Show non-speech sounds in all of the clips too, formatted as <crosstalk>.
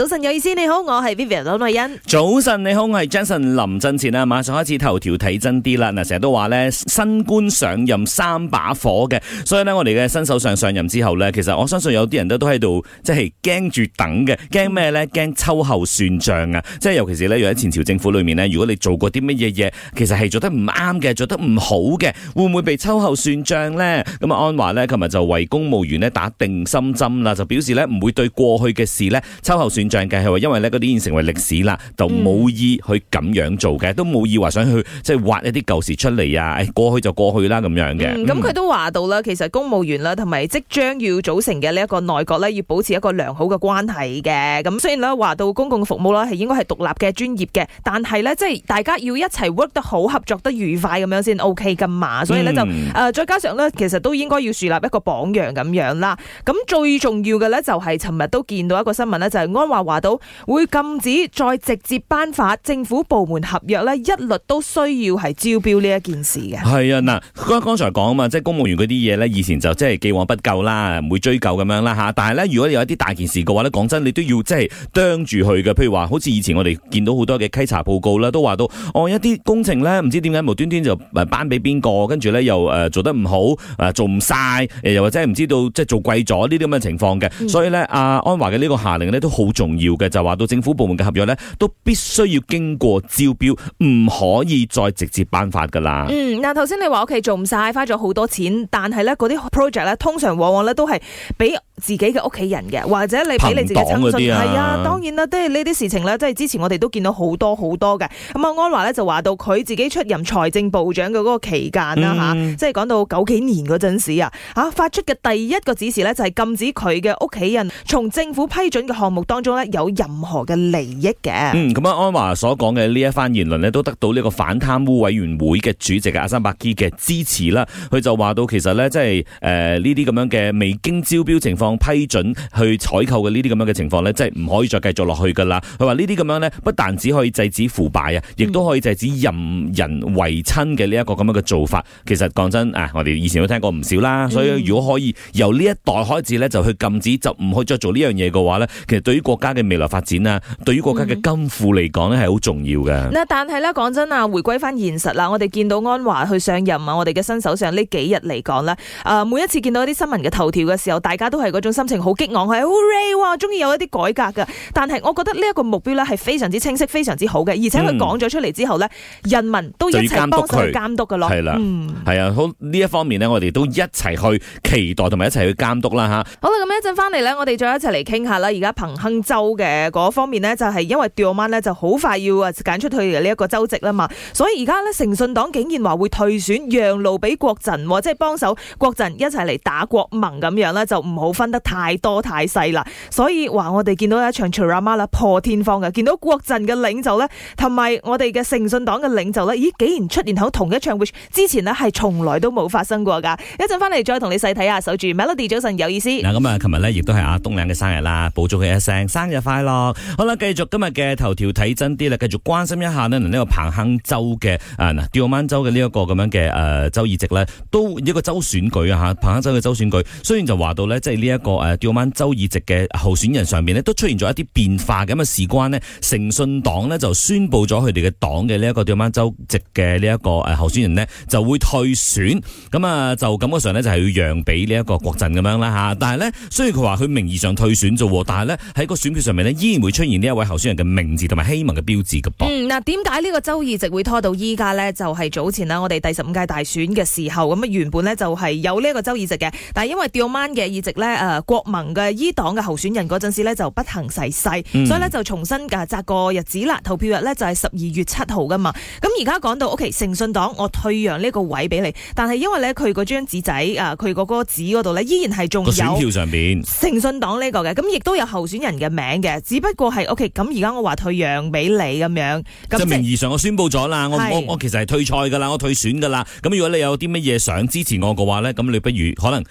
早晨，有意思，你好，我係 Vivian 柳麗欣。早晨，你好，我係 Jason 林振前啊！馬上開始頭條睇真啲啦。嗱，成日都話咧，新官上任三把火嘅，所以咧，我哋嘅新首相上任之後咧，其實我相信有啲人都都喺度即係驚住等嘅，驚咩咧？驚秋後算賬啊！即係尤其是咧，如果喺前朝政府裏面咧，如果你做過啲乜嘢嘢，其實係做得唔啱嘅，做得唔好嘅，會唔會被秋後算賬咧？咁啊，安華咧，琴日就為公務員咧打定心針啦，就表示咧唔會對過去嘅事咧秋後算。講計係話，因為咧嗰啲已經成為歷史啦，就冇意去咁樣做嘅，都冇意話想去即係挖一啲舊事出嚟啊！過去就過去啦，咁樣嘅。咁佢都話到啦，其實公務員啦，同埋即將要組成嘅呢一個內閣咧，要保持一個良好嘅關係嘅。咁雖然咧話到公共服務咧係應該係獨立嘅專業嘅，但係咧即係大家要一齊 work 得好，合作得愉快咁樣先 OK 噶嘛。所以咧就誒，再加上咧，其實都應該要樹立一個榜樣咁樣啦。咁最重要嘅咧就係尋日都見到一個新聞咧，就係安華。話到會禁止再直接頒發政府部門合約咧，一律都需要係招標呢一件事嘅。係啊，嗱，剛剛才講啊嘛，即係公務員嗰啲嘢咧，以前就即係既往不咎啦，唔會追究咁樣啦吓。但係咧，如果有一啲大件事嘅話咧，講真，你都要即係啄住佢嘅。譬如話，好似以前我哋見到好多嘅稽查報告啦，都話到哦，一啲工程咧，唔知點解無端端就誒頒俾邊個，跟住咧又誒做得唔好，誒做唔晒，誒又或者係唔知道即係做貴咗呢啲咁嘅情況嘅。所以咧，阿、啊、安華嘅呢個下令咧，都好。重要嘅就話到政府部門嘅合約咧，都必須要經過招標，唔可以再直接頒發噶啦。嗯，嗱，頭先你話屋企做唔晒，花咗好多錢，但係咧啲 project 咧，通常往往咧都係俾自己嘅屋企人嘅，或者你俾你自己親信。係啊，啊，當然啦，即係呢啲事情咧，即係之前我哋都見到好多好多嘅。咁啊，安華咧就話到佢自己出任財政部長嘅嗰個期間啦，吓、嗯，即係講到九幾年嗰陣時啊，吓發出嘅第一個指示咧就係禁止佢嘅屋企人從政府批准嘅項目當中有任何嘅利益嘅，嗯，咁啊，安華所講嘅呢一番言論呢，都得到呢個反貪污委員會嘅主席阿三伯基嘅支持啦。佢就話到，其實呢，即係誒呢啲咁樣嘅未經招標情況批准去採購嘅呢啲咁樣嘅情況呢，即係唔可以再繼續落去噶啦。佢話呢啲咁樣呢，不但只可以制止腐敗啊，亦都、嗯、可以制止任人唯親嘅呢一個咁樣嘅做法。其實講真啊，我哋以前都聽過唔少啦。所以如果可以由呢一代開始呢，就去禁止，就唔去再做呢樣嘢嘅話呢，其實對於國國家嘅未來發展啦，對於國家嘅金庫嚟講咧，係好重要嘅。嗱、嗯，但係呢，講真啊，回歸翻現實啦，我哋見到安華去上任啊，我哋嘅新首相呢幾日嚟講呢，誒、呃、每一次見到一啲新聞嘅頭條嘅時候，大家都係嗰種心情好激昂，係好 ray，中意、哦、有一啲改革嘅。但係我覺得呢一個目標呢係非常之清晰，非常之好嘅，而且佢講咗出嚟之後呢，嗯、人民都一齊幫手監督嘅咯。係啦，嗯，係啊，好，呢一方面呢，我哋都一齊去期待同埋一齊去監督啦吓，嗯、好啦，咁一陣翻嚟呢，我哋再一齊嚟傾下啦。而家彭亨州嘅嗰方面呢，就係因為掉彎呢就好快要啊揀出去嘅呢一個州席啦嘛，所以而家呢，誠信黨竟然話會退選，讓路俾國陣，即係幫手國陣一齊嚟打國盟咁樣呢，就唔好分得太多太細啦。所以話我哋見到一場 drama 啦，破天荒嘅，見到國陣嘅領袖呢，同埋我哋嘅誠信黨嘅領袖呢，咦竟然出現喺同一場 which 之前呢係從來都冇發生過噶。一陣翻嚟再同你細睇下，守住 Melody 早晨有意思。嗱咁啊，琴日呢，亦都係阿冬亮嘅生日啦，補足佢一聲。生日快樂！好啦，繼續今日嘅頭條睇真啲啦，繼續關心一下呢呢個彭亨州嘅誒嗱，吊灣州嘅呢一個咁樣嘅誒州議席咧，都一個州選舉啊吓，彭亨州嘅州選舉，雖然就話到咧，即係呢一個誒、啊、吊灣州議席嘅候選人上面咧，都出現咗一啲變化嘅咁啊，事關呢誠信黨呢就宣布咗佢哋嘅黨嘅呢一個吊灣州席嘅呢一個誒候選人呢就會退選，咁啊就感覺上呢就係要讓俾呢一個國陣咁樣啦吓，但係呢雖然佢話佢名義上退選咗，但係咧喺個選票上面呢，依然會出現呢一位候選人嘅名字同埋希盟嘅標誌嘅、嗯。噃，嗱點解呢個州議席會拖到依家呢？就係、是、早前啦，我哋第十五屆大選嘅時候，咁啊原本呢，就係有呢個州議席嘅，但係因為掉班嘅議席呢，誒、呃、國盟嘅伊黨嘅候選人嗰陣時咧就不幸逝世，世，嗯、所以呢，就重新嘅擲個日子啦。投票日呢，就係十二月七號噶嘛。咁而家講到 OK，誠信黨我退讓呢個位俾你，但係因為呢，佢個張紙仔啊，佢個嗰個紙嗰度呢，依然係仲有選票上邊誠信黨呢個嘅，咁亦都有候選人嘅名。名嘅，只不過係 OK，咁而家我話退讓俾你咁樣，即係名義上我宣布咗啦，我是我我，我其實係退賽噶啦，我退選噶啦。咁如果你有啲乜嘢想支持我嘅話咧，咁你不如可能。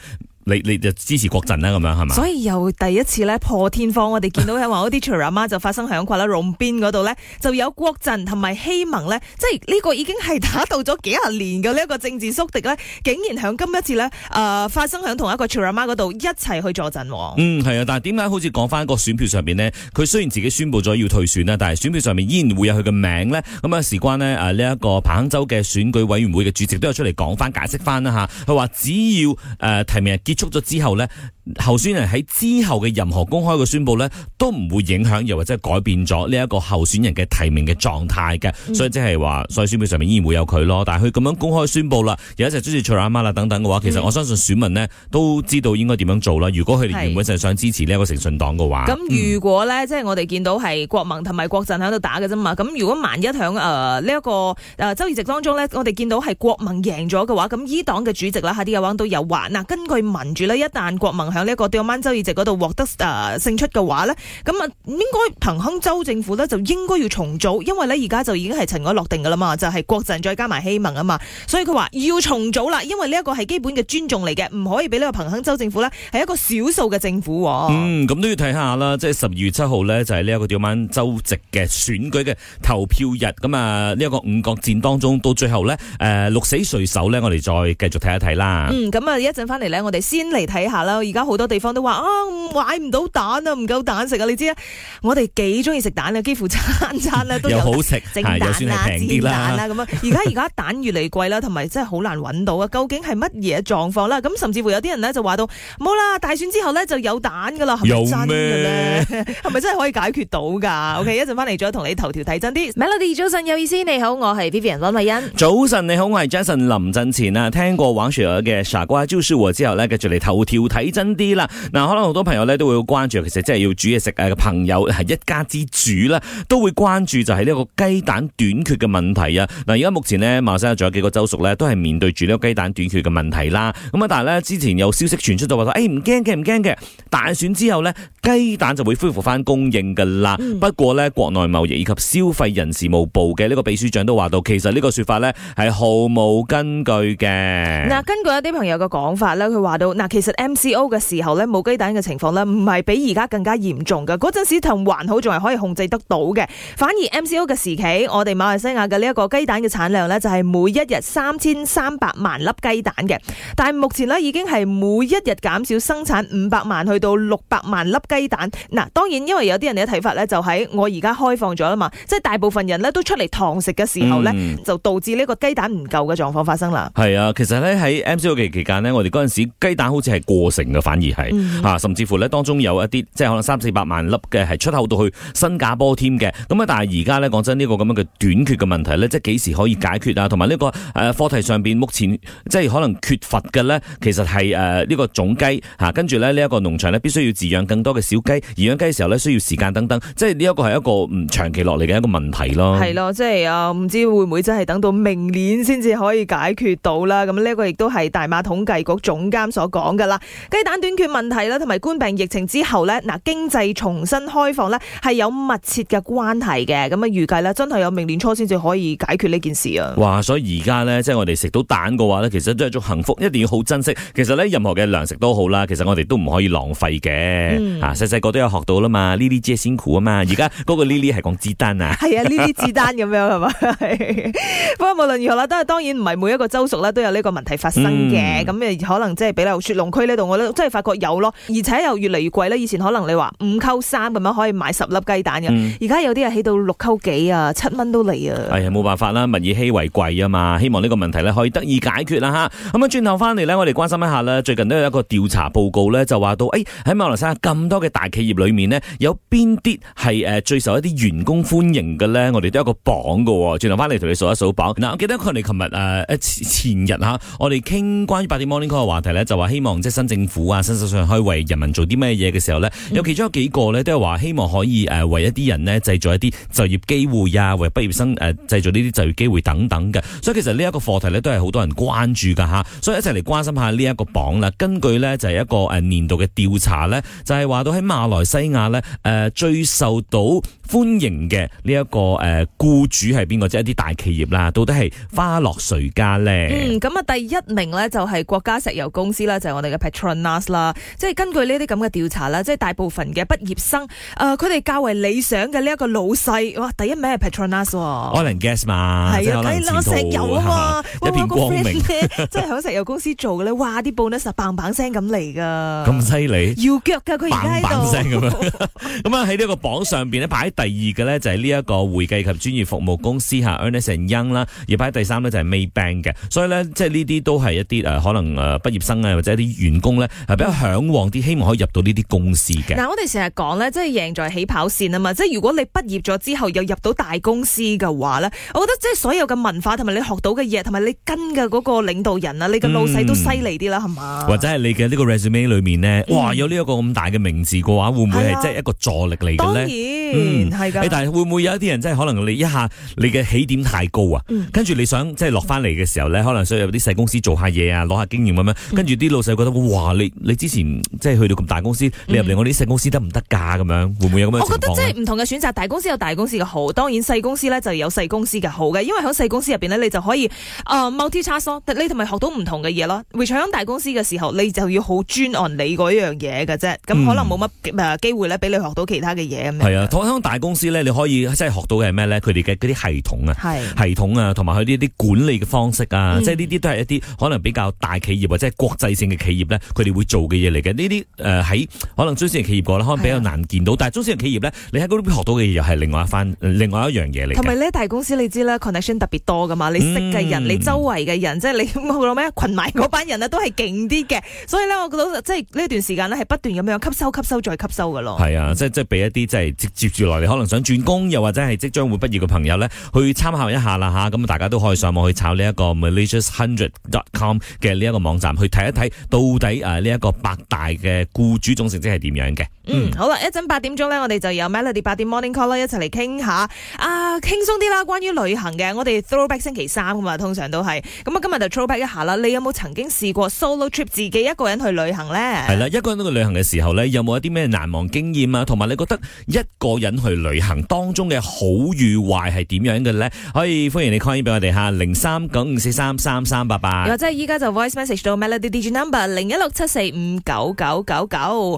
你你就支持國陣啦，咁樣係嘛？所以又第一次咧破天荒，我哋見到喺話嗰啲 ceramah 媽就發生響掛啦，龍邊嗰度咧就有國陣同埋希盟咧，即係呢個已經係打到咗幾十年嘅呢一個政治宿敵咧，竟然喺今一次咧誒、呃、發生喺同一個 ceramah 媽嗰度一齊去坐陣。嗯，係啊，但係點解好似講翻個選票上邊呢？佢雖然自己宣布咗要退選啦，但係選票上面依然會有佢嘅名咧。咁啊，事關呢，誒呢一個彭亨州嘅選舉委員會嘅主席都有出嚟講翻解釋翻啦嚇。佢話只要誒提、呃、名結。出咗之後呢，候選人喺之後嘅任何公開嘅宣佈呢，都唔會影響，又或者改變咗呢一個候選人嘅提名嘅狀態嘅、嗯。所以即係話，所以選票上面依然會有佢咯。但係佢咁樣公開宣佈啦，有成支持蔡阿媽啦等等嘅話，其實我相信選民呢都知道應該點樣做啦。如果佢哋原本就係想支持呢一個誠信黨嘅話，咁、嗯、如果呢，即、就、係、是、我哋見到係國盟同埋國陣喺度打嘅啫嘛。咁如果萬一響呢一個誒州、呃、議席當中呢，我哋見到係國盟贏咗嘅話，咁伊黨嘅主席啦，下啲嘅話都有話根據民主呢，一旦國盟。呢個吊曼州議席嗰度獲得誒、呃、勝出嘅話咧，咁啊應該彭亨州政府咧就應該要重組，因為咧而家就已經係塵埃落定噶啦嘛，就係、是、國陣再加埋希盟啊嘛，所以佢話要重組啦，因為呢一個係基本嘅尊重嚟嘅。唔可以俾呢個彭亨州政府咧係一個少數嘅政府、哦。喎、嗯。咁都要睇下啦，即係十二月七號呢，就係呢一個吊曼州席嘅選舉嘅投票日，咁啊呢一個五角戰當中到最後呢，誒、呃，鹿死誰手呢？我哋再繼續睇一睇啦。咁啊、嗯、一陣翻嚟呢，我哋先嚟睇下啦，而家。好多地方都話啊，買唔到蛋啊，唔夠蛋食啊！你知啊，我哋幾中意食蛋啊，幾乎餐餐啊都有蛋。又好食，係、啊、又算係平啲啦，蛋啊咁樣而家而家蛋越嚟貴啦，同埋 <laughs> 真係好難搵到啊！究竟係乜嘢狀況啦？咁甚至乎有啲人咧就話到，冇啦！大選之後咧就有蛋噶啦，係咪真噶咧？係咪 <laughs> 真係可以解決到噶？OK，一陣翻嚟再同你頭條睇真啲。Melody 早晨，有意思，你好，我係 Vivian 溫慧欣。早晨你好，我係 Jason 林振前啊！聽過玩說嘅傻瓜招數之後咧，繼續嚟頭條睇真。啲啦，嗱，可能好多朋友咧都會好關注，其實真係要煮嘢食誒嘅朋友係一家之主都會關注，就係呢個雞蛋短缺嘅問題啊！嗱，而家目前咧，馬來西亞仲有幾個州屬咧都係面對住呢個雞蛋短缺嘅問題啦。咁啊，但係咧之前有消息傳出就話誒唔驚嘅，唔驚嘅，大選之後呢，雞蛋就會恢復翻供應噶啦。不過咧，國內貿易以及消費人事務部嘅呢個秘書長都話到，其實呢個說法呢係毫無根據嘅。嗱，根據一啲朋友嘅講法咧，佢話到嗱，其實 M C O 嘅。時候咧冇雞蛋嘅情況咧，唔係比而家更加嚴重嘅。嗰陣時同還好，仲係可以控制得到嘅。反而 MCO 嘅時期，我哋馬來西亞嘅呢一個雞蛋嘅產量咧，就係每一日三千三百萬粒雞蛋嘅。但係目前呢，已經係每一日減少生產五百萬去到六百萬粒雞蛋。嗱，當然因為有啲人嘅睇法咧，就喺我而家開放咗啦嘛，即係大部分人咧都出嚟堂食嘅時候咧，嗯、就導致呢個雞蛋唔夠嘅狀況發生啦。係啊，其實咧喺 MCO 期期間呢，我哋嗰陣時雞蛋好似係過剩嘅。反而係啊，甚至乎呢，當中有一啲即係可能三四百萬粒嘅，係出口到去新加坡添嘅。咁啊，但係而家呢，講真，呢個咁樣嘅短缺嘅問題呢，即係幾時可以解決啊？同埋呢個誒課題上邊目前即係可能缺乏嘅，呢，其實係誒呢個種雞吓，跟住呢，呢一個農場呢必須要飼養更多嘅小雞，而養雞嘅時候呢，需要時間等等，即係呢一個係一個嗯長期落嚟嘅一個問題咯。係咯，即係啊，唔知會唔會真係等到明年先至可以解決到啦？咁呢個亦都係大馬統計局總監所講噶啦，雞蛋。短缺問題咧，同埋冠病疫情之後咧，嗱經濟重新開放咧，係有密切嘅關係嘅。咁啊，預計咧真係有明年初先至可以解決呢件事啊。哇！所以而家咧，即係我哋食到蛋嘅話咧，其實都係一種幸福，一定要好珍惜。其實咧，任何嘅糧食都好啦，其實我哋都唔可以浪費嘅。嗯、啊，細細個都有學到啦嘛，粒粒皆辛苦啊嘛。而家嗰個粒粒係講雞蛋啊。係 <laughs> 啊，粒粒雞蛋咁樣係嘛。是吧 <laughs> 不過無論如何啦，但係當然唔係每一個州屬咧都有呢個問題發生嘅。咁、嗯、可能即係比如雪龍區呢度，我發覺有咯，而且又越嚟越貴咧。以前可能你話五溝三咁樣可以買十粒雞蛋嘅，而家、嗯、有啲啊起到六溝幾啊，七蚊都嚟啊！係啊，冇辦法啦，物以稀為貴啊嘛。希望呢個問題咧可以得以解決啦吓。咁啊，轉頭翻嚟咧，我哋關心一下咧，最近都有一個調查報告咧，就話到誒，喺馬來西亞咁多嘅大企業裏面呢，有邊啲係誒最受一啲員工歡迎嘅咧？我哋都有一個榜噶。轉頭翻嚟同你數一數榜。嗱、啊，我記得佢哋琴日誒前日吓、啊，我哋傾關於八點 morning 嗰個話題咧，就話希望即係新政府啊。身身上去以為人民做啲咩嘢嘅時候呢？有其中有幾個呢都係話希望可以誒為一啲人呢製造一啲就業機會啊，為畢業生誒製造呢啲就業機會等等嘅。所以其實呢一個課題呢都係好多人關注噶吓，所以一齊嚟關心下呢一個榜啦。根據呢，就係一個誒年度嘅調查呢，就係話到喺馬來西亞呢，誒最受到歡迎嘅呢一個誒雇主係邊個，即、就、係、是、一啲大企業啦，到底係花落誰家呢？咁啊、嗯、第一名呢，就係國家石油公司啦，就係、是、我哋嘅 p a t r o n a s 啦，即係根據呢啲咁嘅調查啦，即係大部分嘅畢業生，誒，佢哋較為理想嘅呢一個老細，哇，第一名係 Petronas，Oil & Gas 嘛，就拉石油啊嘛，邊個光明啫？即係喺石油公司做嘅咧，哇，啲 bonus 呢實棒棒聲咁嚟噶，咁犀利，搖腳噶佢而家喺度，棒棒聲咁樣，咁啊喺呢個榜上邊咧排喺第二嘅咧就係呢一個會計及專業服務公司嚇，Ernst & Young 啦，而排喺第三咧就係 Maybank 嘅，所以咧即係呢啲都係一啲誒可能誒畢業生啊或者一啲員工咧。比較向往啲，希望可以入到呢啲公司嘅。嗱、嗯，我哋成日講咧，即係贏在起跑線啊嘛。即係如果你畢業咗之後又入到大公司嘅話咧，我覺得即係所有嘅文化同埋你學到嘅嘢，同埋你跟嘅嗰個領導人啊，你嘅老細都犀利啲啦，係嘛、嗯？吧或者係你嘅呢個 resume 裏面呢，哇，有呢一個咁大嘅名字嘅話，會唔會係即係一個助力嚟嘅呢？嗯、當然，嗯、的但係會唔會有一啲人即係可能你一下你嘅起點太高啊？嗯、跟住你想即係落翻嚟嘅時候呢，嗯、可能想入啲細公司做下嘢啊，攞下經驗咁樣。跟住啲老細覺得哇，你你之前即係去到咁大公司，你入嚟我哋啲細公司得唔得噶？咁樣、嗯、會唔會有咁？我覺得即係唔同嘅選擇，大公司有大公司嘅好，當然細公司咧就有細公司嘅好嘅。因為喺細公司入邊咧，你就可以啊、呃、multi 穿梭，charge, 你同埋學到唔同嘅嘢咯。如果喺大公司嘅時候，你就要好專案你嗰樣嘢嘅啫，咁可能冇乜誒機會咧俾你學到其他嘅嘢咁樣。係、嗯、啊，我喺大公司咧，你可以即係學到嘅係咩咧？佢哋嘅嗰啲系統啊，系統啊，同埋佢呢啲管理嘅方式啊，嗯、即係呢啲都係一啲可能比較大企業或者係國際性嘅企業咧，佢哋會。做嘅嘢嚟嘅呢啲誒喺可能中小型企業過啦，可能比較難見到。是啊、但係中小型企業咧，你喺嗰度學到嘅嘢又係另外一番另外一樣嘢嚟。同埋咧，大公司你知啦，connection 特別多噶嘛，你識嘅人，嗯、你周圍嘅人，即係你我講咩群埋嗰班人啊，都係勁啲嘅。所以咧，我覺得即係呢段時間咧，係不斷咁樣吸收、吸收再吸收嘅咯。係啊，即係即係俾一啲即係接住落嚟可能想轉工又或者係即將會畢業嘅朋友咧，去參考一下啦吓，咁、啊、大家都可以上網去炒呢一個 Malaysianhundred.com 嘅呢一個網站去睇一睇，到底啊呢一個百大嘅僱主總成績係點樣嘅？嗯，好啦，一陣八點鐘咧，我哋就有 Melody 八點 Morning Call 一齊嚟傾下啊，輕鬆啲啦。關於旅行嘅，我哋 Throwback 星期三噶嘛，通常都係咁啊。噉我今日就 Throwback 一下啦。你有冇曾經試過 Solo Trip 自己一個人去旅行咧？係啦，一個人去旅行嘅時候咧，有冇一啲咩難忘經驗啊？同埋你覺得一個人去旅行當中嘅好與壞係點樣嘅咧？可以歡迎你 call 俾我哋吓，零三九五四三三三八八，又或者依家就 Voice Message 到 Melody DJ Number 零一六七四。嗯，九九九九。